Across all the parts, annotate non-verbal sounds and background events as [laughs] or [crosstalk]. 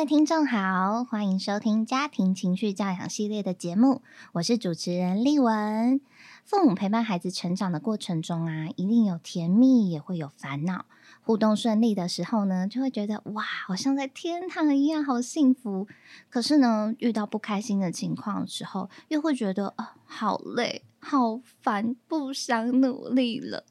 各位聽眾好，歡迎收聽家庭情緒教養系列的節目，我是主持人麗雯。父母陪伴孩子成長的過程中啊，一定有甜蜜，也會有煩惱。互動順利的時候呢，就會覺得哇，好像在天堂一樣，好幸福。可是呢，遇到不開心的情況的時候，又會覺得啊、呃，好累，好煩，不想努力了。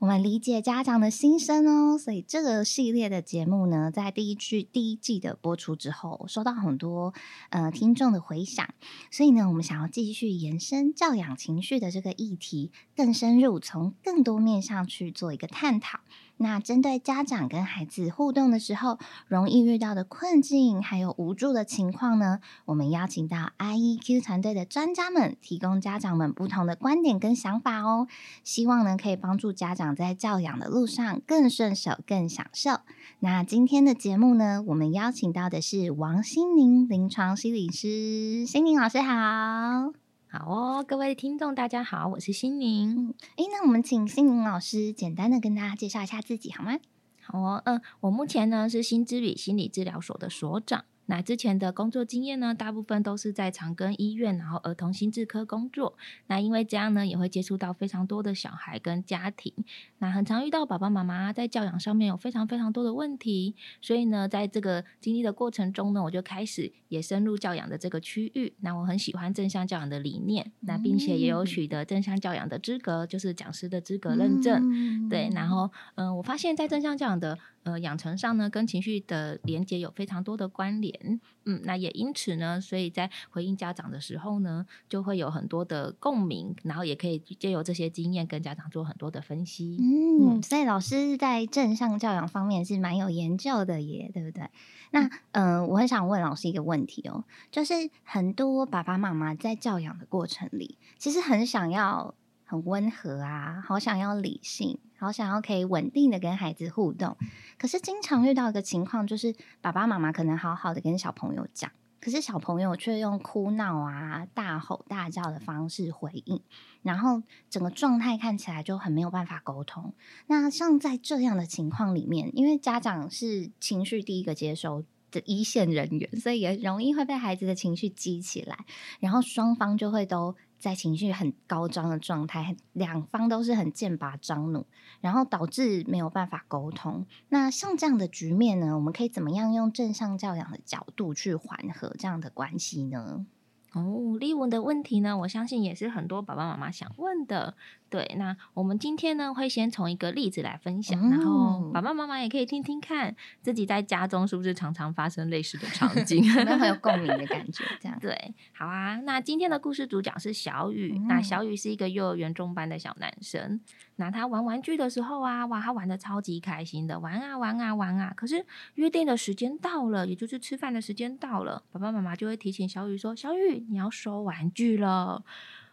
我們理解家長的心聲哦，所以這個系列的節目呢，在第一季第一季的播出之後，收到很多呃聽眾的回響，所以呢，我們想要繼續延伸教養情緒的這個議題，更深入從更多面上去做一個探討。那針對家長跟孩子互動的時候，容易遇到的困境還有無助的情況呢，我們邀請到 IEQ 團隊的專家們，提供家長們不同的觀點跟想法哦，希望呢，可以幫助家長在教養的路上更順手、更享受。那今天的節目呢，我們邀請到的是王心寧臨床心理師，心寧老師好。好哦，各位聽眾大家好，我是心寧。誒，那我們請心寧老師簡單的跟大家介紹一下自己好嗎？好哦，嗯，我目前呢是心之旅心理治療所的所長。那之前的工作經驗呢，大部分都是在長庚醫院，然後兒童心智科工作。那因為這樣呢，也會接觸到非常多的小孩跟家庭。那很常遇到爸爸媽媽在教養上面有非常非常多的問題，所以呢，在這個經歷的過程中呢，我就開始也深入教養的這個區域。那我很喜歡正向教養的理念，那並且也有取得正向教養的資格，嗯、就是講師的資格認證。嗯、對，然後嗯，我發現在正向教養的。呃，養成上呢，跟情緒的連接有非常多的關聯，嗯，那也因此呢，所以在回應家長的時候呢，就會有很多的共鳴，然後也可以借由這些經驗跟家長做很多的分析，嗯，所以老師在正向教養方面是蠻有研究的耶，對不對？那嗯，呃，我很想問老師一個問題哦，就是很多爸爸媽媽在教養的過程裡，其實很想要。很溫和啊，好想要理性，好想要可以穩定的跟孩子互動。嗯、可是經常遇到一個情況，就是爸爸媽媽可能好好的跟小朋友講，可是小朋友卻用哭鬧啊、大吼大叫的方式回應，然後整個狀態看起來就很沒有辦法溝通。那像在這樣的情況裡面，因為家長是情緒第一個接收的一線人員，所以也容易會被孩子的情緒激起來，然後雙方就會都。在情緒很高漲的狀態，兩方都是很劍拔弩張，然後導致沒有辦法溝通。那像這樣的局面呢，我們可以怎麼樣用正向教養的角度去緩和這樣的關係呢？哦，麗雯的問題呢，我相信也是很多爸爸媽媽想問的。對，那我們今天呢，會先從一個例子來分享，嗯、然後爸爸媽媽也可以聽聽看，自己在家中是不是常常發生類似的場景，很呵 [laughs] 有共鳴的感覺。這樣對，好啊。那今天的故事主角是小宇，嗯、那小宇是一個幼兒園中班的小男生。那他玩玩具的時候啊，哇，他玩得超級開心的，玩啊玩啊玩啊。可是約定的時間到了，也就是吃飯的時間到了，爸爸媽媽就會提醒小宇說：“小宇，你要收玩具了。”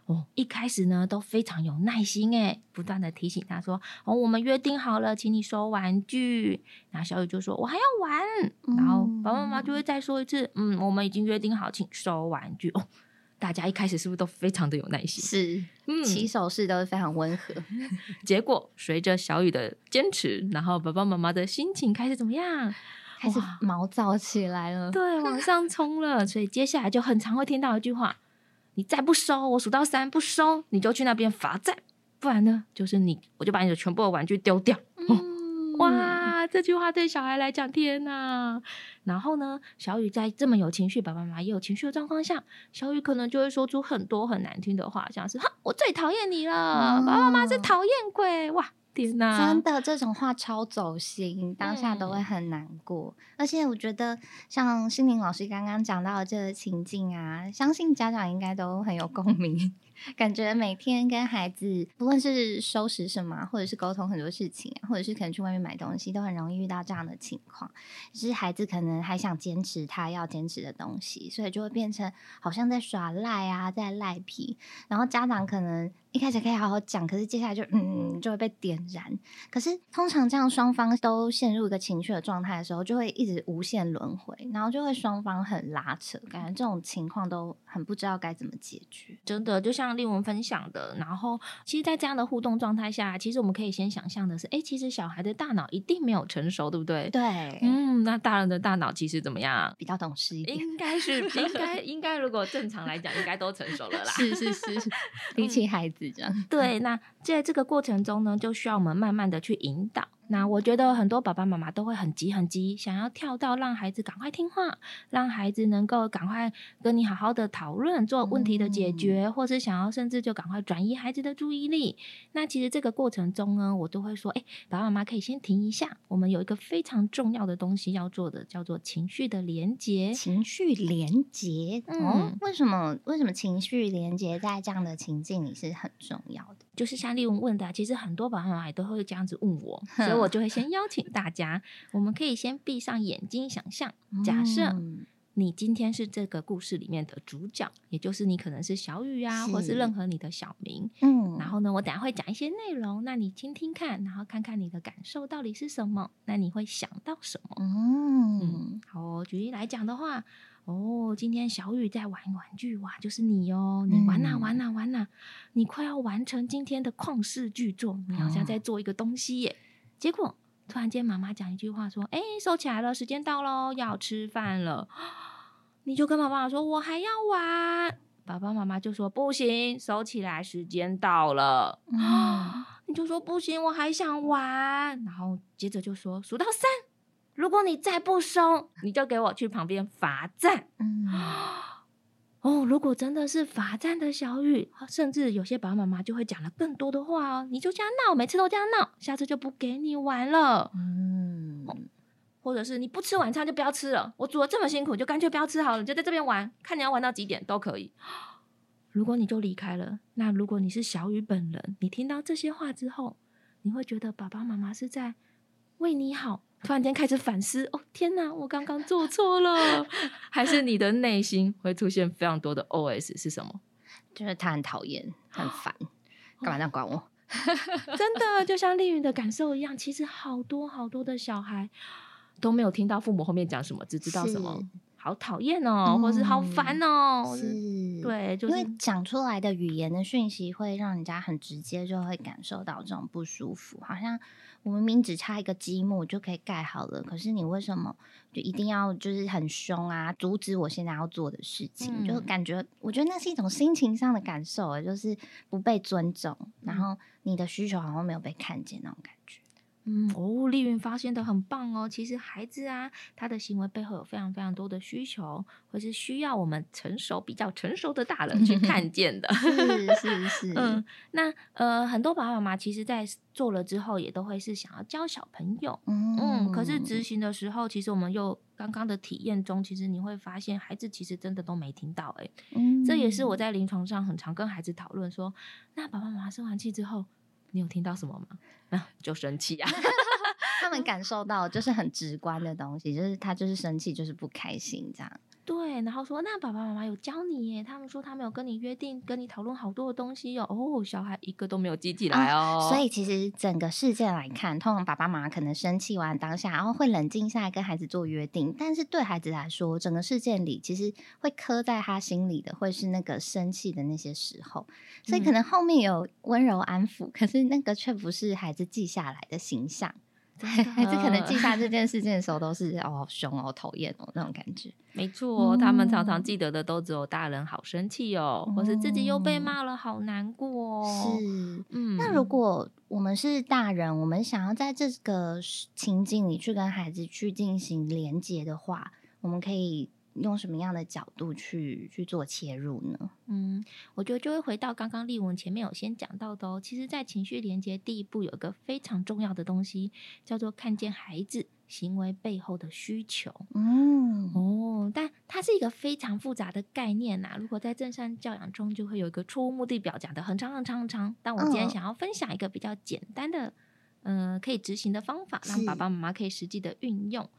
哦，一開始呢都非常有耐心誒，不斷的提醒他說：“哦，我們約定好了，請你收玩具。”然後小宇就說：“我還要玩。”然後爸爸媽媽就會再說一次：“嗯，嗯，我們已經約定好，請收玩具。”哦，大家一開始是不是都非常的有耐心？是，嗯，起手式都是非常溫和。 [laughs] 結果隨着小宇的堅持，然後爸爸媽媽的心情開始怎麼樣？開始毛躁起來了，對，往上衝了。 [laughs] 所以接下來就很常會聽到一句話。你再不收，我數到三不收，你就去那邊罰站，不然呢就是你，我就把你的全部的玩具丟掉。嗯。哇，嗯、這句話對小孩來講，天哪、啊！然後呢，小宇在這麼有情緒，爸爸媽媽也有情緒的狀況下，小宇可能就會說出很多很難聽的話，像是“哈，我最討厭你了，嗯、爸爸媽媽是討厭鬼！”哇。天啊、真的，這種話超走心，當下都會很難過。嗯、而且我覺得，像心寧老師剛剛講到的這個情境啊，相信家長應該都很有共鳴。感覺每天跟孩子，不論是收拾什麼、啊，或者是溝通很多事情、啊，或者是可能去外面買東西，都很容易遇到這樣的情況。只是孩子可能還想堅持他要堅持的東西，所以就會變成好像在耍賴啊，在賴皮。然後家長可能。一開始可以好好講，可是接下來就嗯就會被點燃。可是通常這樣雙方都陷入一個情緒的狀態的時候，就會一直無限輪迴，然後就會雙方很拉扯，感覺這種情況都很不知道該怎麼解決。真的，就像麗雯分享的，然後其實，在這樣的互動狀態下，其實我們可以先想象的是，哎、欸，其實小孩的大腦一定沒有成熟，對不對？對。嗯，那大人的大腦其實怎麼樣？比較懂事一點？應該是，應該 [laughs] 應該，如果正常來講，應該都成熟了啦。是是是，是是是嗯、比起孩子。對，那在這個過程中呢，就需要我們慢慢的去引導。那我覺得很多爸爸媽媽都會很急很急，想要跳到讓孩子趕快聽話，讓孩子能夠趕快跟你好好的討論，做問題的解決，嗯、或是想要甚至就趕快轉移孩子的注意力。那其實這個過程中呢，我都會說，哎、欸，爸爸媽媽可以先停一下，我們有一個非常重要的東西要做的，叫做情緒的連結。情緒連結，嗯，為什麼為什麼情緒連結在這樣的情境裡是很重要的？就是像麗雯問的，其實很多爸爸媽,媽也都會這樣子問我，所以我就會先邀請大家， [laughs] 我們可以先閉上眼睛想象，假設你今天是這個故事裡面的主角，也就是你可能是小宇啊，是或是任何你的小名，嗯，然後呢，我等一下會講一些內容，那你聽聽看，然後看看你的感受到底是什麼，那你會想到什麼？嗯,嗯，好、哦，舉例來講的話。哦，今天小宇在玩一玩具哇、啊，就是你哦，你玩哪、啊嗯、玩哪玩哪，你快要完成今天的曠世巨作，你好像在做一個東西耶。哦、結果突然間媽媽講一句話說：“哎，收起來了，時間到了，要吃飯了。”你就跟爸爸媽媽說：“我還要玩。”爸爸媽媽就說：“不行，收起來，時間到了。”啊，你就說：“不行，我還想玩。”然後接着就說：“數到三。”如果你再不收，你就給我去旁邊罰站。嗯、哦，如果真的是罰站的小宇，甚至有些爸爸媽媽就會講了更多的話哦。你就這樣鬧，每次都這樣鬧，下次就不給你玩了。嗯、哦，或者是你不吃晚餐就不要吃了，我煮了這麼辛苦，就乾脆不要吃好了，就在這邊玩，看你要玩到幾點都可以。如果你就離開了，那如果你是小宇本人，你聽到這些話之後，你會覺得爸爸媽媽是在為你好？突然間開始反思，哦，天哪，我剛剛做錯了， [laughs] 還是你的內心會出現非常多的 OS 是什麼？就是他很討厭、很煩，幹、哦、嘛這樣管我？ [laughs] 真的，就像麗雯的感受一樣，其實好多好多的小孩都沒有聽到父母後面講什麼，只知道什麼是好討厭哦，嗯、或是好煩哦，是，對，就是、因為講出來的語言的訊息會讓人家很直接，就會感受到這種不舒服，好像。我明明只差一個積木就可以蓋好了，可是你為什麼就一定要就是很凶啊，阻止我現在要做的事情？嗯、就感覺我覺得那是一種心情上的感受耶，就是不被尊重，嗯、然後你的需求好像沒有被看見那種感覺。嗯哦，麗雯發現得很棒哦。其實孩子啊，他的行為背後，有非常非常多的需求，或是需要我們成熟、比較成熟的大人去看見的。是是 [laughs] 是。是是嗯，那呃，很多爸爸媽媽其實在做了之後，也都會是想要教小朋友。嗯，嗯，可是執行的時候，其實我們又剛剛的體驗中，其實你會發現孩子其實真的都沒聽到、欸。誒、嗯、這也是我在臨床上很常跟孩子討論說，那爸爸媽媽生完氣之後。你有聽到什麼嗎？那、啊、就生氣啊！ [laughs] 他們感受到就是很直觀的東西，就是他就是生氣，就是不開心這樣。對，然後說，那爸爸媽媽有教你耶？他們說他沒有跟你約定，跟你討論好多的東西喲。哦，小孩一個都沒有記起來哦。啊，所以其實整個事件來看，通常爸爸媽媽可能生氣完當下，然後會冷靜下來跟孩子做約定。但是對孩子來說，整個事件裡其實會刻在他心裡的，會是那個生氣的那些時候。所以可能後面有溫柔安撫，可是那個卻不是孩子記下來的形象。孩子 [laughs] 可能記下這件事件的時候，都是哦，好凶哦，好討厭哦，那種感覺。沒錯、哦，嗯、他們常常記得的都只有大人好生氣哦，嗯、或是自己又被罵了，好難過、哦。是，嗯，那如果我們是大人，我們想要在這個情境裡去跟孩子去進行連結的話，我們可以。用什麼樣的角度去去做切入呢？嗯，我覺得就會回到剛剛麗雯前面有先講到的哦。其實，在情緒連結第一步有一個非常重要的東西，叫做看見孩子行為背後的需求。嗯，哦，但它是一個非常複雜的概念吶、啊。如果在正向教養中，就會有一個錯誤目的表講的很長、長、長、長。但我今天想要分享一個比較簡單的，嗯、呃，可以執行的方法，讓爸爸媽媽可以實際的運用。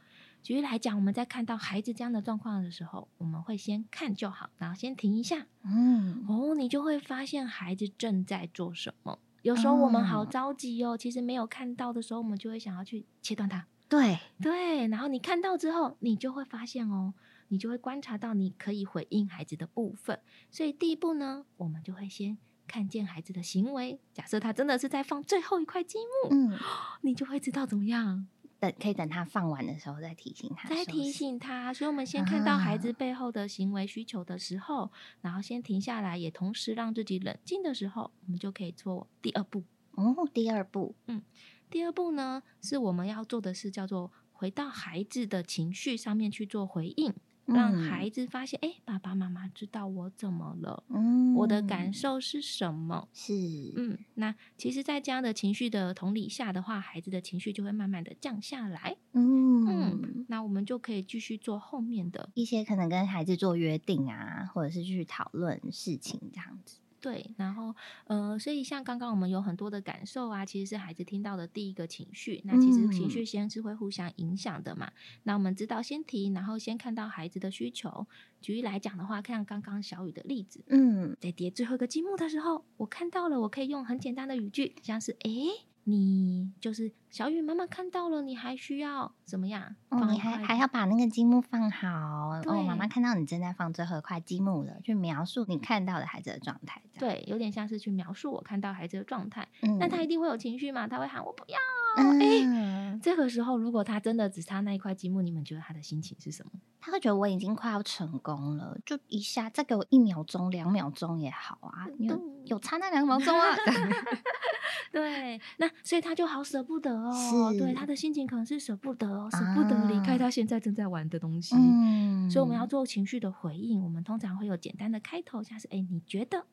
舉例來講，我們在看到孩子這樣的狀況的時候，我們會先看就好，然後先停一下。嗯，哦，你就會發現孩子正在做什麼。有時候我們好着急哦，哦其實沒有看到的時候，我們就會想要去切斷他。對對，然後你看到之後，你就會發現哦，你就會觀察到你可以回應孩子的部分。所以第一步呢，我們就會先看見孩子的行為。假設他真的是在放最後一塊積木，嗯，你就會知道怎麼樣。等可以等他放完的時候再提醒他，再提醒他。所以，我們先看到孩子背後的行為需求的時候，啊、然後先停下來，也同時讓自己冷靜的時候，我們就可以做第二步。哦，第二步，嗯，第二步呢，是我們要做的是叫做回到孩子的情緒上面去做回應。讓孩子發現，哎、欸，爸爸媽媽知道我怎麼了，嗯、我的感受是什麼？是，嗯，那其實，在這樣的情緒的同理下的話，孩子的情緒就會慢慢的降下來。嗯嗯，那我們就可以繼續做後面的一些，可能跟孩子做約定啊，或者是去討論事情這樣子。對，然後呃，所以像剛剛我們有很多的感受啊，其實是孩子聽到的第一個情緒。那其實情緒先是會互相影響的嘛。嗯、那我們知道先提，然後先看到孩子的需求。舉例來講的話，看剛剛小宇的例子，嗯，在疊最後一個積木的時候，我看到了，我可以用很簡單的語句，像是誒，你就是。小宇媽媽看到了，你還需要怎麼樣？放哦、你還還要把那個積木放好。對哦，媽媽看到你正在放最後一塊積木了，去描述你看到的孩子的狀態。對，有點像是去描述我看到孩子的狀態。那、嗯、他一定會有情緒嘛？他會喊我不要。誒、嗯欸。這個時候如果他真的只差那一塊積木，你們覺得他的心情是什麼？他會覺得我已經快要成功了，就一下再給我一秒鐘、兩秒鐘也好啊。嗯嗯、你有有差那兩秒鐘啊？ [laughs] [laughs] 對，那所以他就好捨不得。哦，oh, 是對，他的心情可能是捨不得哦，捨不得離開他現在正在玩的東西，嗯、所以我們要做情緒的回應。我們通常會有簡單的開頭，像是“哎、欸，你覺得”，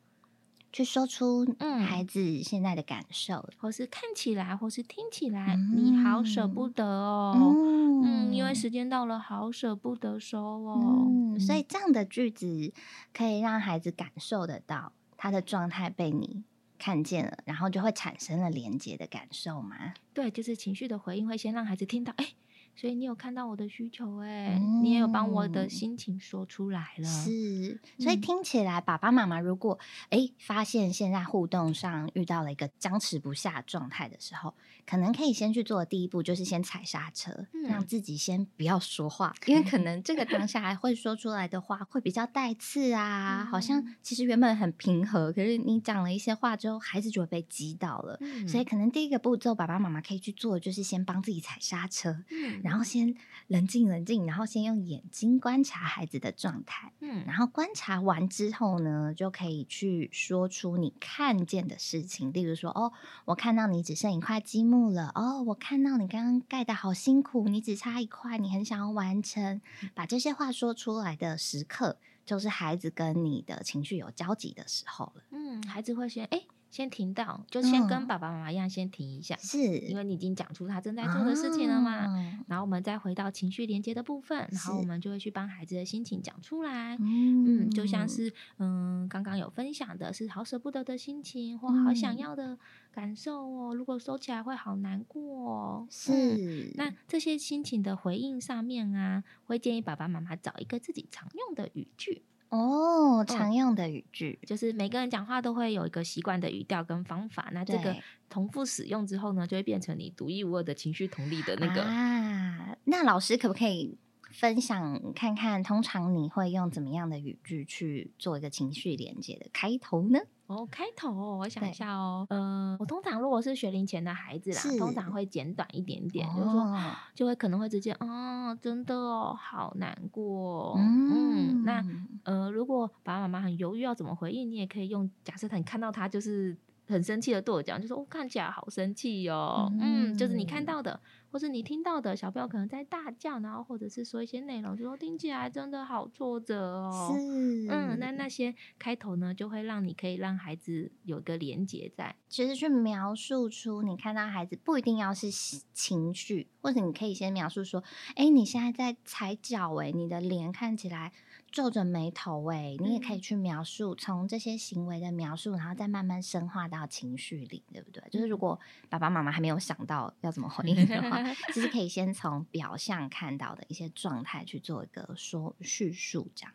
去說出孩子現在的感受、嗯，或是看起來，或是聽起來，嗯、你好捨不得哦，嗯，嗯，因為時間到了，好捨不得說哦、嗯。所以這樣的句子可以讓孩子感受得到他的狀態被你。看見了，然後就會產生了連接的感受嘛？對，就是情緒的回應會先讓孩子聽到，誒。所以你有看到我的需求哎、欸，嗯、你也有幫我的心情說出來了。是，嗯、所以聽起來爸爸媽媽如果哎、欸、發現現在互動上遇到了一個僵持不下的狀態的時候，可能可以先去做的第一步就是先踩剎車，嗯、讓自己先不要說話，因為可能這個當下還會說出來的話會比較帶刺啊，嗯、好像其實原本很平和，可是你講了一些話之後，孩子就會被擊倒了。嗯、所以可能第一個步驟爸爸媽媽可以去做的就是先幫自己踩剎車。嗯然後先冷靜冷靜，然後先用眼睛觀察孩子的狀態，嗯，然後觀察完之後呢，就可以去說出你看見的事情，例如說，哦，我看到你只剩一塊積木了，哦，我看到你剛剛蓋得好辛苦，你只差一塊，你很想要完成，嗯、把這些話說出來的時刻，就是孩子跟你的情緒有交集的時候了，嗯，孩子會覺得哎。誒先停到，就先跟爸爸媽媽一樣先停一下，嗯、是因為你已經講出他正在做的事情了嘛？啊、然後我們再回到情緒連結的部分，是然後我們就會去幫孩子的心情講出來。嗯，嗯，就像是嗯剛剛有分享的是好捨不得的心情或好想要的感受哦，嗯、如果收起來會好難過，哦。是、嗯，那這些心情的回應上面啊，會建議爸爸媽媽找一個自己常用的語句。哦，常用的語句、哦、就是每個人講話都會有一個習慣的語調跟方法，那這個重複使用之後呢，就會變成你獨一無二的情緒同理的那個。啊，那老師可不可以分享看看，通常你會用怎麼樣的語句去做一個情緒連結的開頭呢？哦，開頭、哦、我想一下哦，呃，我通常如果是學齡前的孩子啦，是通常會簡短一點點，就是說、哦、就會可能會直接，哦，真的哦，好難過、哦，嗯，嗯，那呃，如果爸爸媽媽很猶豫要怎麼回應，你也可以用假設他，你看到他就是很生氣的跺腳，就說、是、哦，看起來好生氣喲、哦，嗯，嗯，就是你看到的。或是你聽到的小朋友，可能在大叫，然後或者是說一些內容，就說聽起來真的好挫折哦。是，嗯，那那些開頭呢，就會讓你可以讓孩子有一個連結在。其實去描述出你看到孩子不一定要是情緒，或者你可以先描述說，哎、欸，你現在在踩腳，哎，你的臉看起來。皺着眉頭、欸，哎，你也可以去描述，從這些行為的描述，然後再慢慢深化到情緒裡，對不對？就是如果爸爸媽媽還沒有想到要怎麼回應的話， [laughs] 其實可以先從表象看到的一些狀態去做一個說敘述，這樣。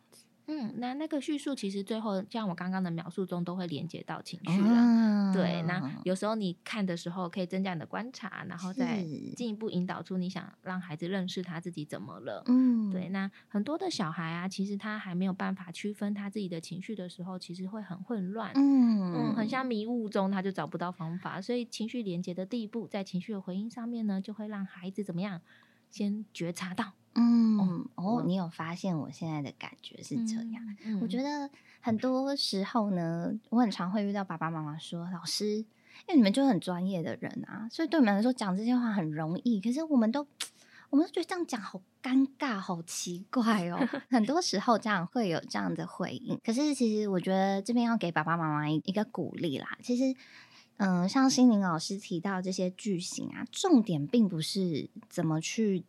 嗯，那那個敘述其實最後像我剛剛的描述中，都會連接到情緒了。啊、對，那有時候你看的時候，可以增加你的觀察，是然後再進一步引導出你想讓孩子認識他自己怎麼了。嗯，對，那很多的小孩啊，其實他還沒有辦法區分他自己的情緒的時候，其實會很混亂。嗯嗯，很像迷霧中，他就找不到方法。所以情緒連接的第一步，在情緒的回應上面呢，就會讓孩子怎麼樣，先覺察到。嗯 oh, oh, 哦，你有發現我現在的感覺是這樣。嗯嗯、我覺得很多時候呢，我很常會遇到爸爸媽媽說：“ [laughs] 老師，因為你們就很專業的人啊，所以對我們來說講這些話很容易。”可是我們都，我們都覺得這樣講好尷尬，好奇怪哦。很多時候這樣會有這樣的回應。 [laughs] 可是其實我覺得這邊要給爸爸媽媽一一個鼓勵啦。其實，嗯、呃，像心寧老師提到這些句型啊，重點並不是怎麼去。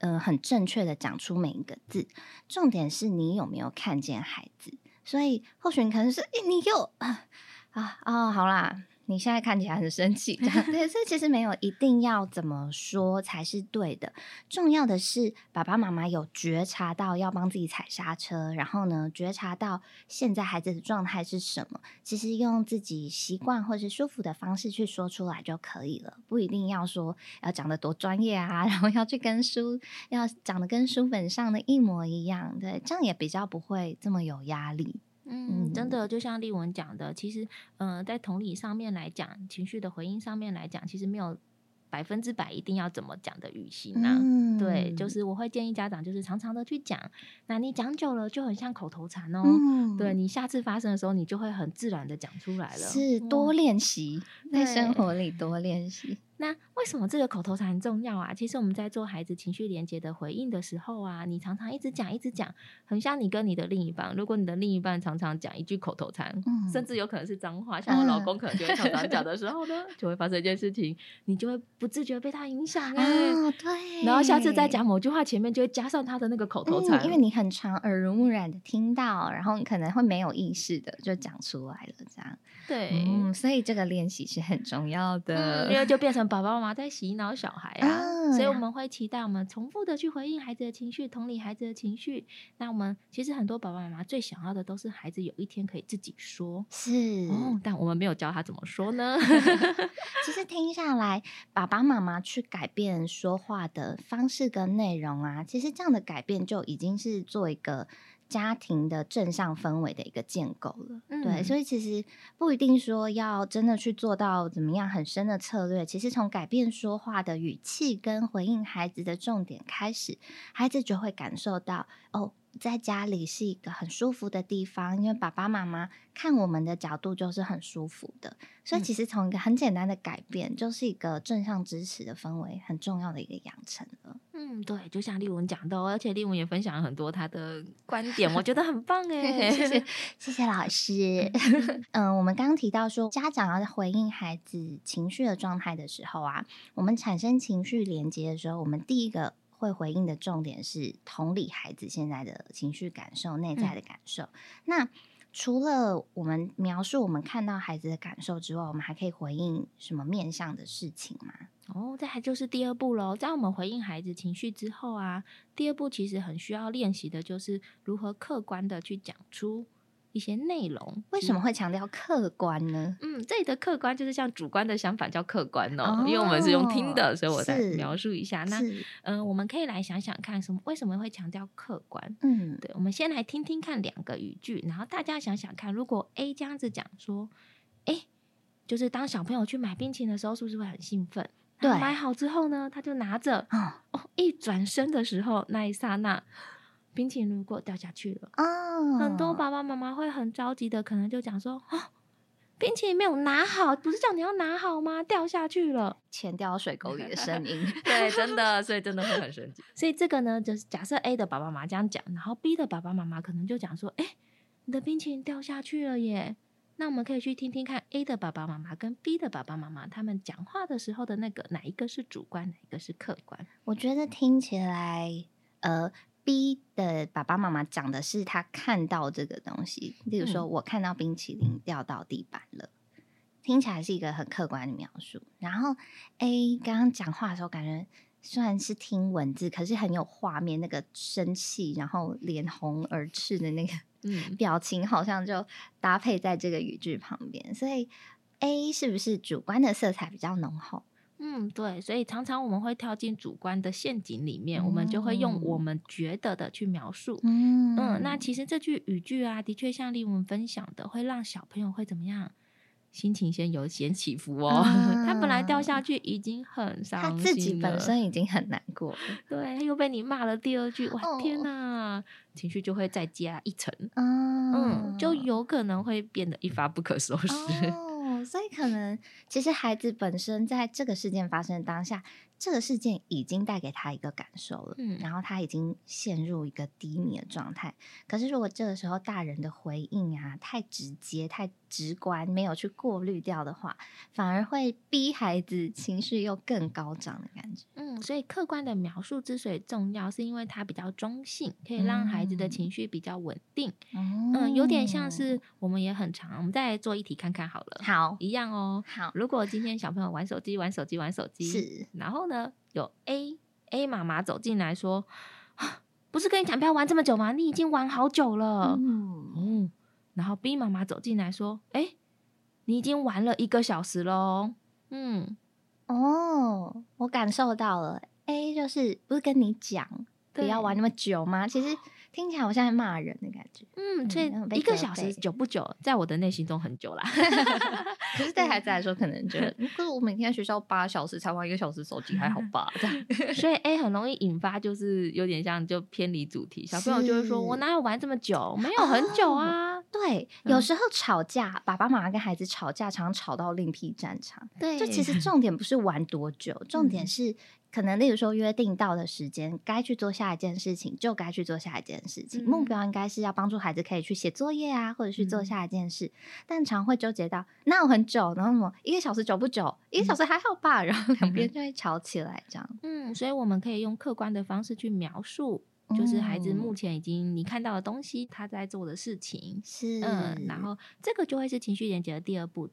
嗯、呃，很正確的講出每一個字，重點是你有沒有看見孩子？所以或許你可能是，哎、欸，你又啊啊、哦，好啦。你現在看起來很生氣，對，所以其實沒有一定要怎麼說才是對的，重要的是爸爸媽媽有覺察到要幫自己踩剎車，然後呢，覺察到現在孩子的狀態是什麼，其實用自己習慣或是舒服的方式去說出來就可以了，不一定要說要講得多專業啊，然後要去跟書要講得跟書本上的一模一樣，對，這樣也比較不會這麼有壓力。嗯，真的，就像麗雯講的，其實，嗯、呃，在同理上面來講，情緒的回應上面來講，其實沒有百分之百一定要怎麼講的語型呢、啊？嗯、對，就是我會建議家長，就是常常的去講，那你講久了就很像口頭禪哦、喔。嗯、對，你下次發生的時候，你就會很自然的講出來了。是多練習，嗯、在生活裡多練習。那為什麼這個口頭禪很重要啊？其實我們在做孩子情緒連結的回應的時候啊，你常常一直講一直講，很像你跟你的另一半。如果你的另一半常常講一句口頭禪，嗯、甚至有可能是髒話，像我老公可能就會常常講的時候呢， [laughs] 就會發生一件事情，你就會不自覺被他影響啊、啊。對，然後下次再講某句話前面就會加上他的那個口頭禪，嗯，因為你很常耳濡目染的聽到，然後你可能會沒有意識的就講出來了，這樣。對，嗯，所以這個練習是很重要的，嗯嗯、因為就變成。爸爸媽媽在洗腦小孩啊，嗯、所以我們會期待我們重複的去回應孩子的情緒，嗯、同理孩子的情緒。那我們其實很多爸爸媽媽最想要的都是孩子有一天可以自己說，是、嗯，但我們沒有教他怎麼說呢？ [laughs] 其實聽下來，爸爸媽媽去改變說話的方式跟內容啊，其實這樣的改變就已經是做一個。家庭的正向氛圍的一個建構了，對，嗯、所以其實不一定說要真的去做到怎麼樣很深的策略，其實從改變說話的語氣跟回應孩子的重點開始，孩子就會感受到哦。在家裡是一個很舒服的地方，因為爸爸媽媽看我們的角度就是很舒服的，所以其實從一個很簡單的改變，嗯、就是一個正向支持的氛圍很重要的一個養成了。嗯，對，就像麗雯講到，而且麗雯也分享了很多她的觀點，我覺得很棒哎， [laughs] 謝謝謝謝老師。 [laughs] 嗯，我們剛剛提到說，家長要在回應孩子情緒的狀態的時候啊，我們產生情緒連結的時候，我們第一個。會回應的重點是同理孩子現在的情緒感受、內在的感受。那除了我們描述我們看到孩子的感受之外，我們還可以回應什麼面向的事情嗎？哦，這還就是第二步嘍。在我們回應孩子情緒之後啊，第二步其實很需要練習的，就是如何客觀的去講出。一些內容為什麼會強調客觀呢？嗯，這裡的客觀就是像主觀的想法叫客觀，喔、哦，因為我們是用聽的，所以我再描述一下。是那嗯是、呃，我們可以來想想看，什麼為什麼會強調客觀？嗯，對，我們先來聽聽看兩個語句，然後大家想想看，如果 A 這樣子講說，哎、欸，就是當小朋友去買冰淇淋的時候，是不是會很興奮？對，買好之後呢，他就拿着，對哦，一轉身的時候那一剎那。冰淇淋如果掉下去了，oh. 很多爸爸媽媽會很着急的，可能就講說，哦，冰淇淋沒有拿好，不是叫你要拿好嗎？掉下去了，錢掉到水溝裡的聲音， [laughs] 對，真的，所以真的會很神奇。 [laughs] 所以這個呢，就是假設 A 的爸爸媽媽這樣講，然後 B 的爸爸媽媽可能就講說，哎、欸，你的冰淇淋掉下去了耶。那我們可以去聽聽看 A 的爸爸媽媽跟 B 的爸爸媽媽他們講話的時候的那個哪一個是主觀，哪一個是客觀？我覺得聽起來，呃。B 的爸爸媽媽講的是他看到這個東西，例如說我看到冰淇淋掉到地板了，嗯、聽起來是一個很客觀的描述。然後 A 剛剛講話的時候，感覺雖然是聽文字，可是很有畫面，那個生氣然後臉紅耳赤的那個表情，好像就搭配在這個語句旁邊，所以 A 是不是主觀的色彩比較濃厚？嗯，對，所以常常我們會跳進主觀的陷阱裡面，我們就會用我們覺得的去描述。嗯，嗯，那其實這句語句啊，的確像麗雯分享的，會讓小朋友會怎麼樣？心情先有些起伏哦。嗯、 [laughs] 他本來掉下去已經很傷心了，他自己本身已經很難過，對，又被你罵了第二句，哇，天哪！哦、情緒就會再加一層。哦、嗯，就有可能會變得一發不可收拾。哦所以，可能其實孩子本身在這個事件發生當下。這個事件已經帶給他一個感受了，嗯，然後他已經陷入一個低迷的狀態。可是，如果這個時候大人的回應啊太直接、太直觀，沒有去過濾掉的話，反而會逼孩子情緒又更高漲的感覺。嗯，所以客觀的描述之所以重要，是因為它比較中性，可以讓孩子的情緒比較穩定。嗯，嗯，有點像是我們也很常，我們再來做一題看看好了。好，一樣哦。好，如果今天小朋友玩手機，玩手機，玩手機是，然後。有 A A 媽媽走進來說：“不是跟你講不要玩這麼久嗎？你已經玩好久了。嗯”嗯，然後 B 媽媽走進來說：“哎，欸，你已經玩了一個小時咯。”嗯，哦，我感受到了。A 就是不是跟你講不對要玩那麼久嗎？其實。哦。聽起來我現在罵人的感覺，嗯，所以一個小時久不久，在我的內心中很久啦。可是對孩子來說，可能就可是我每天在學校八小時，才玩一個小時手機，還好吧？這樣，所以欸很容易引發，就是有點像就偏離主題。小朋友就會說我哪有玩這麼久？沒有很久啊。對，有時候吵架，爸爸媽媽跟孩子吵架，常吵到另闢戰場。對，就其實重點不是玩多久，重點是。可能，例如說約定到的時間該去做下一件事情，就該去做下一件事情。嗯、目標應該是要幫助孩子可以去寫作業啊，或者去做下一件事，嗯、但常會糾結到那我很久，然後什麼一個小時久不久，嗯、一個小時還好吧，然後兩邊就會吵起來這樣。嗯，所以我們可以用客觀的方式去描述，嗯、就是孩子目前已經你看到的東西，他在做的事情是嗯、呃，然後這個就會是情緒連結的第二步。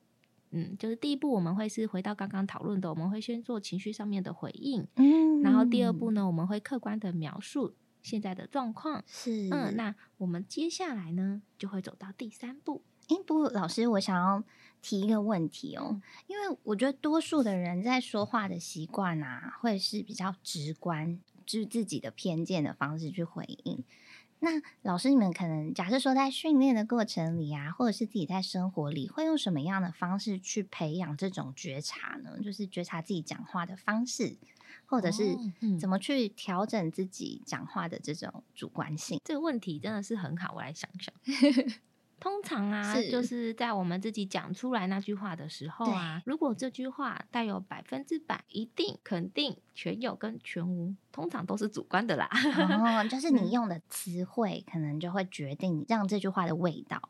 嗯，就是第一步我們會是回到剛剛討論的，我們會先做情緒上面的回應，嗯，然後第二步呢，我們會客觀的描述現在的狀況，是，嗯，那我們接下來呢就會走到第三步。誒，不，老師，我想要提一個問題哦，因為我覺得多數的人在說話的習慣啊，會是比較直觀，就是自己的偏見的方式去回應。那老師，你們可能假設說，在訓練的過程裡啊，或者是自己在生活裡，會用什麼樣的方式去培養這種覺察呢？就是覺察自己講話的方式，或者是怎麼去調整自己講話的這種主觀性？哦嗯、這個問題真的是很好，我來想想。 [laughs] 通常啊，是就是在我們自己講出來那句話的時候啊，對如果這句話帶有百分之百一定、肯定、全有跟全無，通常都是主觀的啦。哦，就是你用的詞彙，可能就會決定讓這句話的味道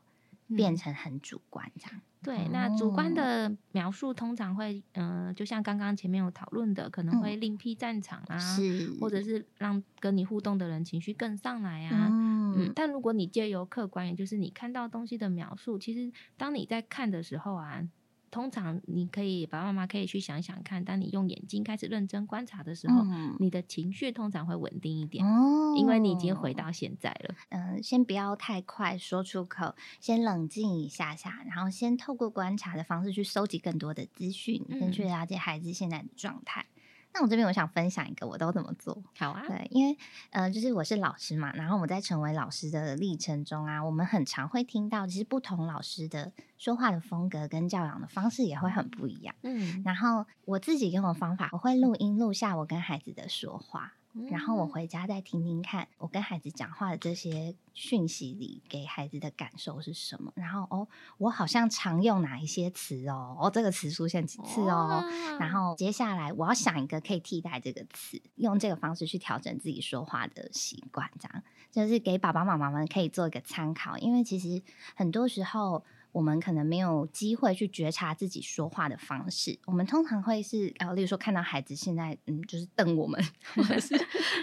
變成很主觀這樣。嗯。對，那主觀的描述通常會，嗯、哦呃，就像剛剛前面有討論的，可能會另闢戰場啊，嗯、或者是讓跟你互動的人情緒更上來啊。嗯，嗯，但如果你借由客觀，也就是你看到東西的描述，其實當你在看的時候啊。通常，你可以爸爸媽媽可以去想想看，當你用眼睛開始認真觀察的時候，嗯、你的情緒通常會穩定一點，哦、因為你已經回到現在了。嗯，先不要太快說出口，先冷靜一下下，然後先透過觀察的方式去收集更多的資訊，先去了解孩子現在的狀態。嗯那我這邊我想分享一個，我都怎麼做？好啊，對，因為呃，就是我是老師嘛，然後我在成為老師的歷程中啊，我們很常會聽到，其實不同老師的說話的風格跟教養的方式也會很不一樣。嗯，然後我自己用的方法，我會錄音錄下我跟孩子的說話。然後我回家再聽聽看，我跟孩子講話的這些訊息裡給孩子的感受是什麼？然後哦，我好像常用哪一些詞哦，哦這個詞出現幾次哦，然後接下來我要想一個可以替代這個詞，用這個方式去調整自己說話的習慣，這樣就是給爸爸媽媽們可以做一個參考，因為其實很多時候，我們可能沒有機會去覺察自己說話的方式，我們通常會是例如說看到孩子現在嗯，就是瞪我們，或者 [laughs] 是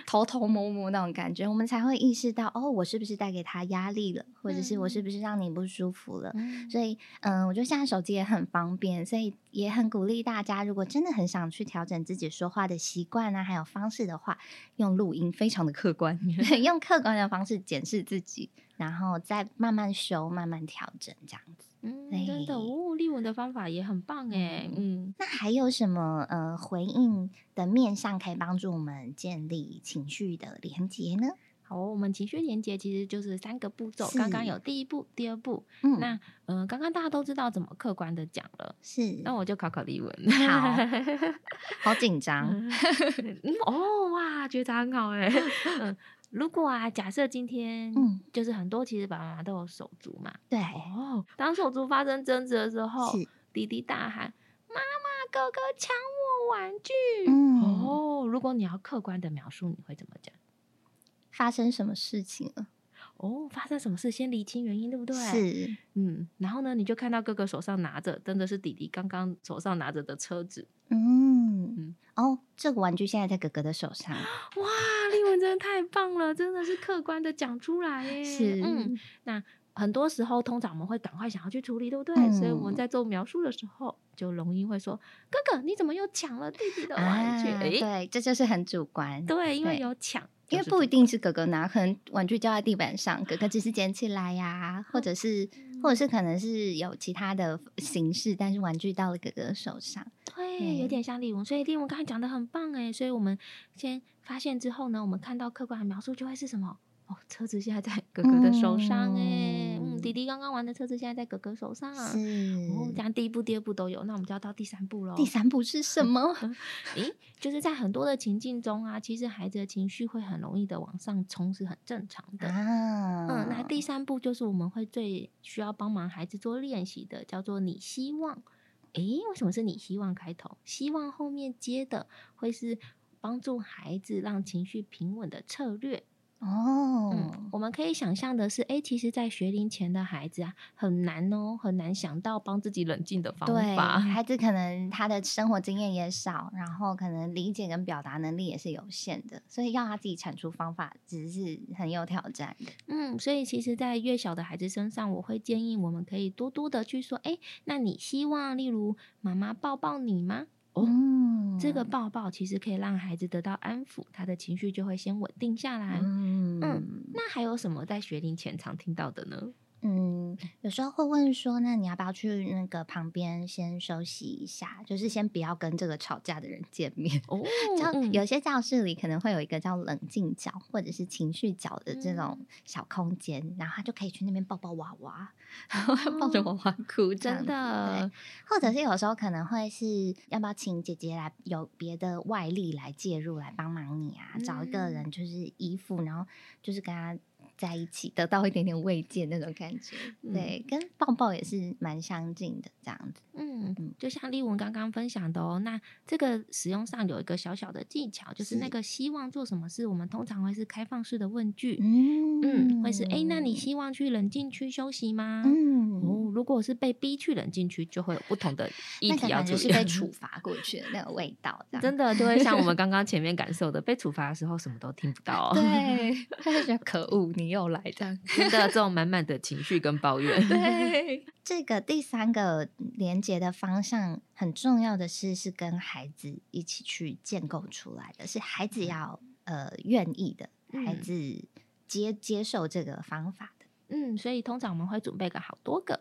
偷偷摸摸那種感覺，我們才會意識到哦，我是不是帶給他壓力了，或者是我是不是讓你不舒服了？嗯、所以嗯，我覺得現在手機也很方便，所以也很鼓勵大家，如果真的很想去調整自己說話的習慣啊，還有方式的話，用錄音非常的客觀， [laughs] 用客觀的方式檢視自己。然後再慢慢修，慢慢調整，這樣子。嗯，對真的哦，麗雯的方法也很棒哎。嗯，嗯那還有什麼呃回應的面向可以幫助我們建立情緒的連結呢？好，我們情緒連結其實就是三個步驟，是剛剛有第一步、第二步。嗯，那嗯、呃，剛剛大家都知道怎麼客觀的講了，是。那我就考考麗雯。好， [laughs] 好緊張。 [laughs] 哦哇，覺察很好哎。 [laughs] 如果啊，假設今天，嗯，就是很多其實爸爸媽媽都有手足嘛，對，哦，當手足發生爭執的時候，是弟弟大喊：「媽媽，哥哥搶我玩具。」嗯，哦，如果你要客觀的描述，你會怎麼講？發生什麼事情了？哦，發生什麼事？先釐清原因，對不對？是，嗯，然後呢，你就看到哥哥手上拿着，真的是弟弟剛剛手上拿着的車子，嗯嗯，嗯哦這個玩具現在在哥哥的手上，哇，麗雯真的太棒了， [laughs] 真的是客觀的講出來耶。是，嗯，那很多時候通常我們會趕快想要去處理，對不對？嗯、所以我們在做描述的時候，就容易會說，哥哥你怎麼又搶了弟弟的玩具？啊欸、對，這就是很主觀。對，因為有搶，因為不一定是哥哥拿，可能玩具掉在地板上， [laughs] 哥哥只是撿起來呀、啊，嗯、或者是。或者是可能是有其他的形式，但是玩具到了哥哥手上，對，嗯、有點像麗雯，所以麗雯剛才講的很棒哎，所以我們先發現之後呢，我們看到客觀的描述就會是什麼？哦，車子現在在哥哥的手上哎。嗯弟弟剛剛玩的車子現在在哥哥手上啊。是，我們講第一步，第二步都有，那我們就要到第三步嘍。第三步是什麼？ [laughs] 誒，就是在很多的情境中啊，其實孩子的情緒會很容易的往上衝，是很正常的。啊、嗯，那第三步就是我們會最需要幫忙孩子做練習的，叫做“你希望”。誒，為什麼是你希望開頭？希望後面接的會是幫助孩子讓情緒平穩的策略。哦，oh, 嗯、我們可以想象的是，哎、欸，其實，在學齡前的孩子啊，很難哦，很難想到幫自己冷靜的方法。對，孩子可能他的生活經驗也少，然後可能理解跟表達能力也是有限的，所以要他自己產出方法，只是很有挑戰。嗯，所以其實，在越小的孩子身上，我會建議我們可以多多的去說，哎、欸，那你希望，例如媽媽抱抱你嗎？哦，嗯，這個抱抱其實可以讓孩子得到安撫，他的情緒就會先穩定下來。嗯，嗯，那還有什麼在學齡前常聽到的呢？嗯，有時候會問說，那你要不要去那個旁邊先休息一下？就是先不要跟這個吵架的人見面。哦、嗯， [laughs] 就有些教室裡可能會有一個叫冷靜角或者是情緒角的這種小空間，嗯、然後他就可以去那邊抱抱娃娃， [laughs] 抱着娃娃哭。嗯、真的，或者是有時候可能會是要不要請姐姐來，有別的外力來介入來幫忙你啊？嗯、找一個人就是依附，然後就是跟他。在一起得到一點點慰藉那種感覺，對，嗯、跟抱抱也是蠻相近的這樣子。嗯，嗯，就像麗雯剛剛分享的哦，那這個使用上有一個小小的技巧，就是那個希望做什麼事，是我們通常會是開放式的問句，嗯，嗯，會是哎、欸，那你希望去冷靜區休息嗎？嗯。如果是被逼去忍進去，就會有不同的議題，就是被處罰過去的那個味道， [laughs] 真的就會像我們剛剛前面感受的，被處罰的時候什麼都聽不到。 [laughs] 對，他就覺得可惡，你又來這樣。 [laughs] 真的這種滿滿的情緒跟抱怨。 [laughs] 對，這個第三個連結的方向很重要的是，是跟孩子一起去建構出來的，是孩子要、嗯、呃願意的，孩子接接受這個方法的。嗯，所以通常我們會準備個好多個。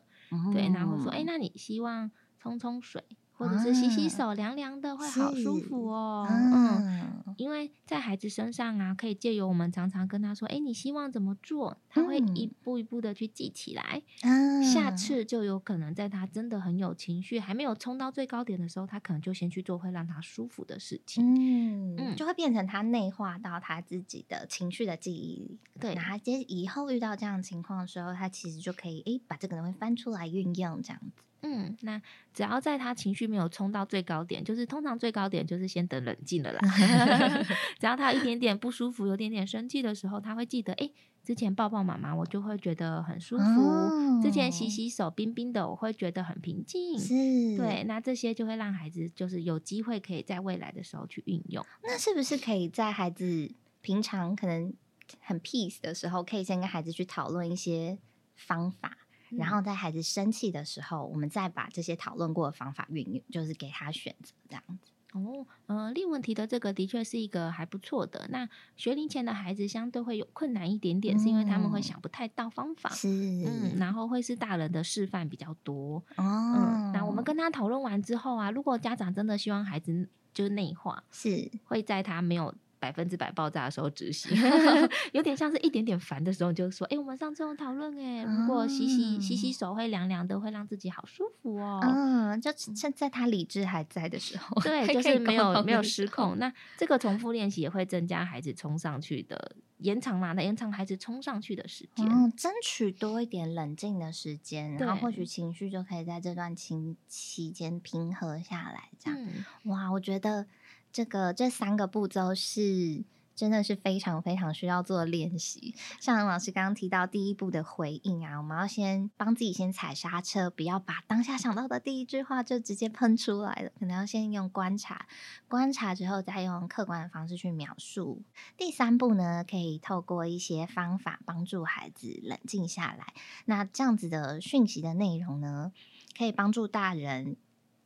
對，然後說，哎，那你希望沖沖水。或者是洗洗手涼涼，涼涼的會好舒服哦。啊、嗯，因為在孩子身上啊，可以借由我們常常跟他說：“哎，你希望怎麼做？”他會一步一步的去記起來。嗯，啊、下次就有可能在他真的很有情緒、還沒有衝到最高點的時候，他可能就先去做會讓他舒服的事情。嗯，嗯，就會變成他內化到他自己的情緒的記憶裡。對，然後接以後遇到這樣的情況的時候，他其實就可以哎，把這個東西翻出來運用，這樣子。嗯，那只要在他情緒沒有衝到最高點，就是通常最高點就是先等冷靜了啦。 [laughs] 只要他有一點點不舒服、有點點生氣的時候，他會記得，哎、欸，之前抱抱媽媽，我就會覺得很舒服；哦、之前洗洗手，冰冰的，我會覺得很平靜。是，對，那這些就會讓孩子就是有機會可以在未來的時候去運用。那是不是可以在孩子平常可能很 peace 的時候，可以先跟孩子去討論一些方法？然後在孩子生氣的時候，我們再把這些討論過的方法運用，就是給他選擇這樣子。哦，呃，立問題的這個的確是一個還不錯的。那學齡前的孩子相對會有困難一點點，是因為他們會想不太到方法，嗯嗯、是。嗯，然後會是大人的示範比較多。哦、嗯，那我們跟他討論完之後啊，如果家長真的希望孩子就是內化，是會在他沒有。百分之百爆炸的時候執行 [laughs] [laughs] 有點像是一點點煩的時候，就說：“哎、欸，我們上次有討論，誒，如果洗洗洗洗手會涼涼的，會讓自己好舒服哦、喔。”嗯，就趁在他理智還在的時候，對，就是沒有沒有失控。那這個重複練習也會增加孩子衝上去的對延長嘛？那延長孩子衝上去的時間、嗯，爭取多一點冷靜的時間，然後或許情緒就可以在這段情期間平和下來。這樣、嗯、哇，我覺得。這個這三個步驟是真的是非常非常需要做練習。像老師剛剛提到，第一步的回應啊，我們要先幫自己先踩剎車，不要把當下想到的第一句話就直接噴出來了，可能要先用觀察，觀察之後再用客觀的方式去描述。第三步呢，可以透過一些方法幫助孩子冷靜下來。那這樣子的訊息的內容呢，可以幫助大人，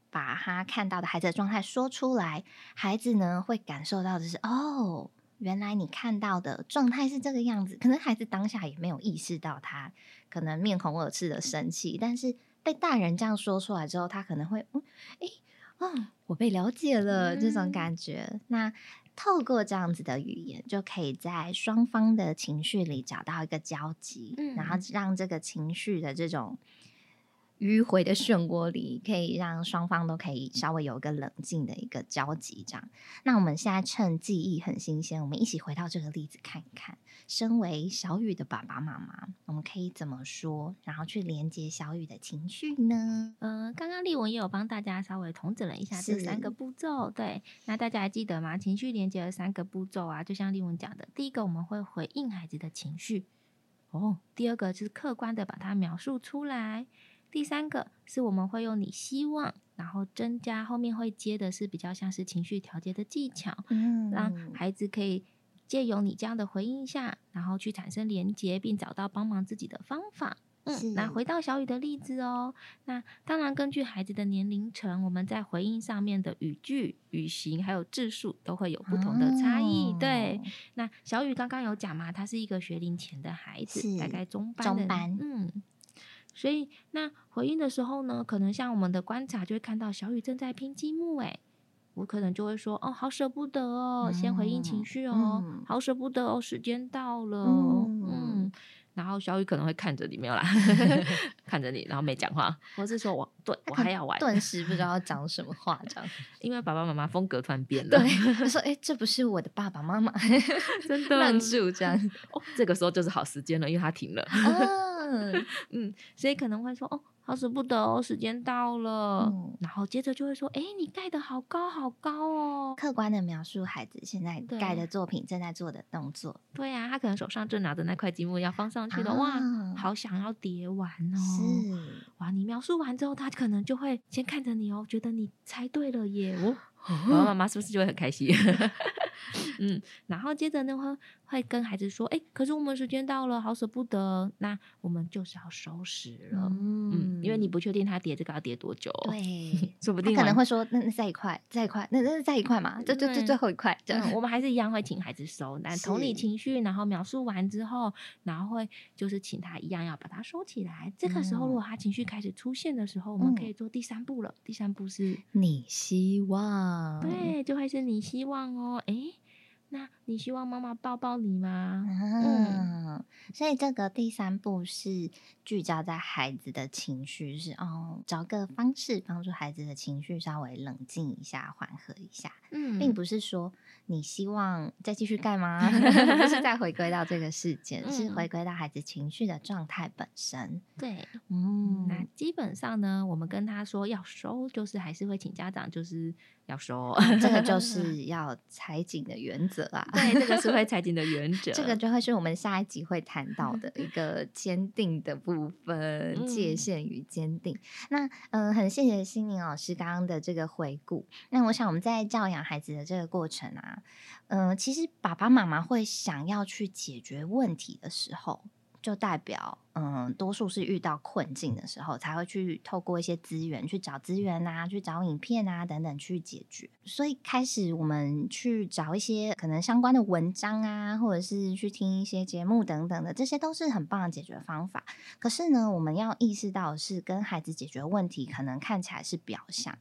把他看到的孩子的狀態說出來，孩子呢會感受到的，就是哦，原來你看到的狀態是這個樣子。可能孩子當下也沒有意識到他可能面紅耳赤的生氣，嗯、但是被大人這樣說出來之後，他可能會嗯，哎，哦，我被了解了，嗯，這種感覺。那透過這樣子的語言，就可以在雙方的情緒裡找到一個交集，嗯，然後讓這個情緒的這種。迂迴的漩渦裡，可以讓雙方都可以稍微有一個冷靜的一個交集，這樣。那我們現在趁記憶很新鮮，我們一起回到這個例子看一看。身為小宇的爸爸媽媽，我們可以怎麼說，然後去連接小宇的情緒呢？嗯、呃，剛剛麗雯也有幫大家稍微重整了一下這三個步驟。是對，那大家還記得嗎？情緒連接的三個步驟啊，就像麗雯講的，第一個我們會回應孩子的情緒，哦，第二個就是客觀的把它描述出來。第三個是我們會用你希望，然後增加後面會接的是比較像是情緒調節的技巧，嗯，讓孩子可以借由你這樣的回應下，然後去產生連結，並找到幫忙自己的方法。嗯，是那回到小宇的例子哦，那當然根據孩子的年齡層，我們在回應上面的語句、語型還有字數都會有不同的差異。嗯、對，那小宇剛剛有講嘛，他是一個學齡前的孩子，是大概中班的，中班，嗯。所以那回應的時候呢，可能像我們的觀察就會看到小宇正在拼積木、欸，哎，我可能就會說，哦，好捨不得哦，先回應情緒哦，嗯、好捨不得哦，時間到了，嗯，嗯嗯然後小宇可能會看着你沒有啦， [laughs] 看着你，然後沒講話，我 [laughs] 是說我對我還要玩，頓時不知道要講什麼話這樣， [laughs] 因為爸爸媽媽風格突然變了，對，他說，哎、欸，這不是我的爸爸媽媽， [laughs] 真的，愣住，這樣子， [laughs] 哦，這個時候就是好時間了，因為他停了。啊嗯 [laughs] 嗯，所以可能會說哦，好捨不得哦，時間到了。嗯、然後接着就會說，哎、欸，你蓋得好高，好高哦。客觀的描述孩子現在蓋的作品，正在做的動作。對呀、啊，他可能手上正拿着那塊積木要放上去的，哇、哦，好想要疊完哦。是，哇，你描述完之後，他可能就會先看着你哦，覺得你猜對了耶，哦、 [laughs] 我，然後媽媽是不是就會很開心？ [laughs] 嗯，然後接着的話。會跟孩子說：“哎，可是我們時間到了，好捨不得。那我們就是要收拾了，嗯，嗯，因為你不確定他疊這個要疊多久，對， [laughs] 說不定可能會說：‘那那在一塊，在一塊，那那在一塊嘛。就’這這這最後一塊，就是、嗯，我們還是一樣會請孩子收。那同理情緒，然後描述完之後，然後會就是請他一樣要把它收起來。這個時候，如果他情緒開始出現的時候，嗯、我們可以做第三步了。第三步是你希望，對，就會是你希望哦，哎。”那你希望媽媽抱抱你嗎？哦、嗯，所以這個第三步是聚焦在孩子的情緒，是哦，找個方式幫助孩子的情緒稍微冷靜一下，緩和一下。嗯，並不是說。你希望再繼續蓋嗎？不 [laughs] 是再回歸到這個事件，嗯、是回歸到孩子情緒的狀態本身。對，嗯，那基本上呢，我們跟他說要收，就是還是會請家長就是要收，這個就是要裁剪的原則啊。對，這個是會裁剪的原則， [laughs] 這個就會是我們下一集會談到的一個堅定的部分，嗯、界限與堅定。那嗯、呃，很謝謝心寧老師剛剛的這個回顧。那我想我們在教養孩子的這個過程啊。嗯，其實爸爸媽媽會想要去解決問題的時候，就代表嗯，多數是遇到困境的時候，才會去透過一些資源去找資源啊，去找影片啊等等去解決。所以開始我們去找一些可能相關的文章啊，或者是去聽一些節目等等的，這些都是很棒的解決方法。可是呢，我們要意識到是跟孩子解決問題，可能看起來是表象。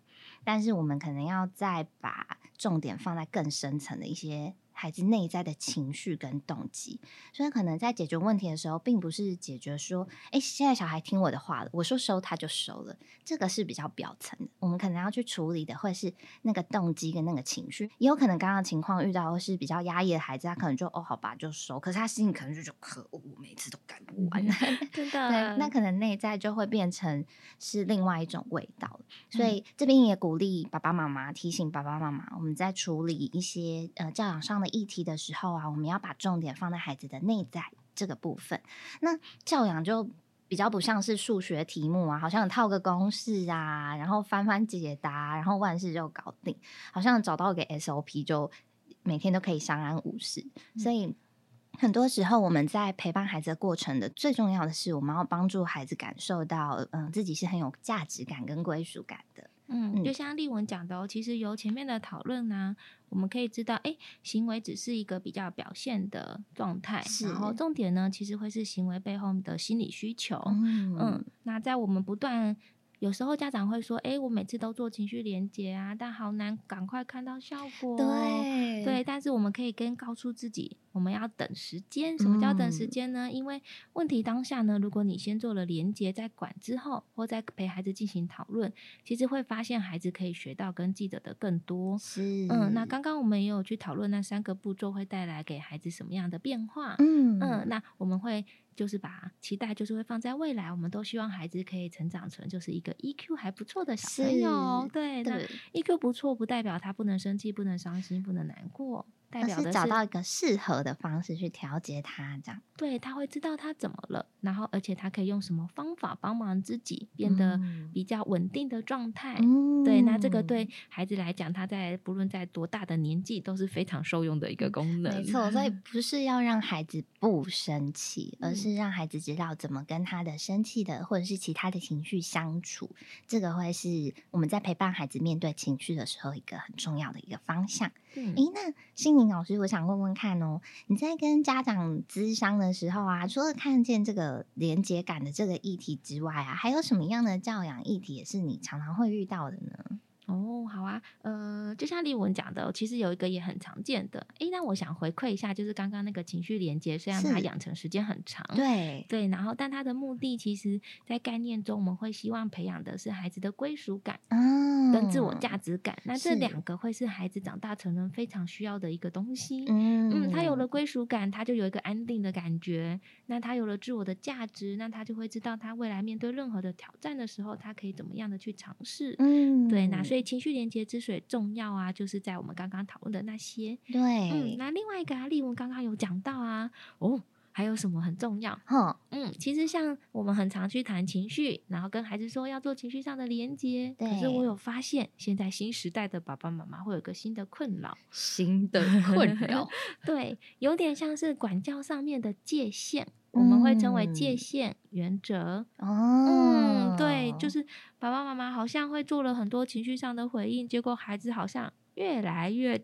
但是我們可能要再把重點放在更深層的一些。孩子內在的情緒跟動機，所以可能在解決問題的時候，並不是解決說“哎、欸，現在小孩聽我的話了，我說收他就收了”，這個是比較表層的。我們可能要去處理的，會是那個動機跟那個情緒。也有可能剛剛的情況遇到是比較壓抑的孩子，他可能就“嗯、哦，好吧，就收”，可是他心裡可能就覺得可惡，我每次都幹不完。嗯、真的 [laughs] 對，那可能內在就會變成是另外一種味道。所以、嗯、這邊也鼓勵爸爸媽媽提醒爸爸媽媽，我們在處理一些呃教養上的。議題的時候啊，我們要把重點放在孩子的內在這個部分。那教養就比較不像是數學題目啊，好像套個公式啊，然後翻翻解答，然後萬事就搞定。好像找到一個 SOP 就每天都可以相安無事。嗯，所以很多時候我們在陪伴孩子的過程的最重要的是，我們要幫助孩子感受到，嗯，自己是很有價值感跟歸屬感的。嗯，就像麗雯講的哦，其實由前面的討論啊。我們可以知道，哎、欸，行為只是一個比較表現的狀態，是然後重點呢，其實會是行為背後的心理需求。嗯，嗯，嗯，那在我們不斷。有時候家長會說：“哎、欸，我每次都做情緒連結啊，但好難趕快看到效果、喔。對”對對，但是我們可以跟告訴自己，我們要等時間。什麼叫等時間呢？嗯、因為問題當下呢，如果你先做了連結，再管之後，或再陪孩子進行討論，其實會發現孩子可以學到跟記得的更多。是嗯，那剛剛我們也有去討論那三個步驟會帶來給孩子什麼樣的變化。嗯嗯，那我們會。就是把期待，就是會放在未來。我們都希望孩子可以成長成就是一個 EQ 還不錯的小朋友。哦、對，對那 EQ 不錯，不代表他不能生氣、不能傷心、不能難過。代表是，而是找到一個適合的方式去調節他，這樣。對，他會知道他怎麼了，然後而且他可以用什麼方法幫忙自己變得比較穩定的狀態。嗯、對，那這個對孩子來講，他在不論在多大的年紀都是非常受用的一個功能。沒錯，所以不是要讓孩子不生氣，而是讓孩子知道怎麼跟他的生氣的或者是其他的情緒相處。這個會是我們在陪伴孩子面對情緒的時候一個很重要的一個方向。哎、嗯欸，那心寧，老師，我想問問看哦，你在跟家長諮商的時候啊，除了看見這個連結感的這個議題之外啊，還有什麼樣的教養議題也是你常常會遇到的呢？哦，好啊，呃，就像麗雯講的，其實有一個也很常見的，誒，那我想回饋一下，就是剛剛那個情緒連接，雖然他養成時間很長，對對，然後但他的目的，其實，在概念中，我們會希望培養的是孩子的歸屬感，哦、跟自我價值感，那這兩個會是孩子長大成人非常需要的一個東西，嗯，嗯他有了歸屬感，他就有一個安定的感覺，那他有了自我的價值，那他就會知道他未來面對任何的挑戰的時候，他可以怎麼樣的去嘗試，嗯，對，那所以。所以情緒連接之所以重要啊，就是在我們剛剛討論的那些。對，嗯，那另外一個，麗雯剛剛有講到啊，哦，還有什麼很重要？哈哼，嗯，其實像我們很常去談情緒，然後跟孩子說要做情緒上的連接。對，可是我有發現，現在新時代的爸爸媽媽會有個新的困擾，新的困擾， [laughs] 對，有點像是管教上面的界限。我們會稱為界限原則。嗯，嗯哦，對，就是爸爸媽媽好像會做了很多情緒上的回應，結果孩子好像越來越。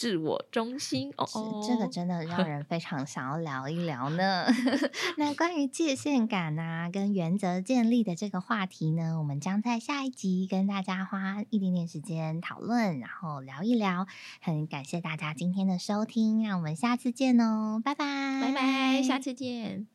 自我中心，哦，哦這，這個真的讓人非常想要聊一聊呢。 [laughs] 那關於界限感啊，跟原則建立的這個話題呢，我們將在下一集跟大家花一點點時間討論，然後聊一聊。很感謝大家今天的收聽，那我們下次見哦，拜拜，拜拜，下次見。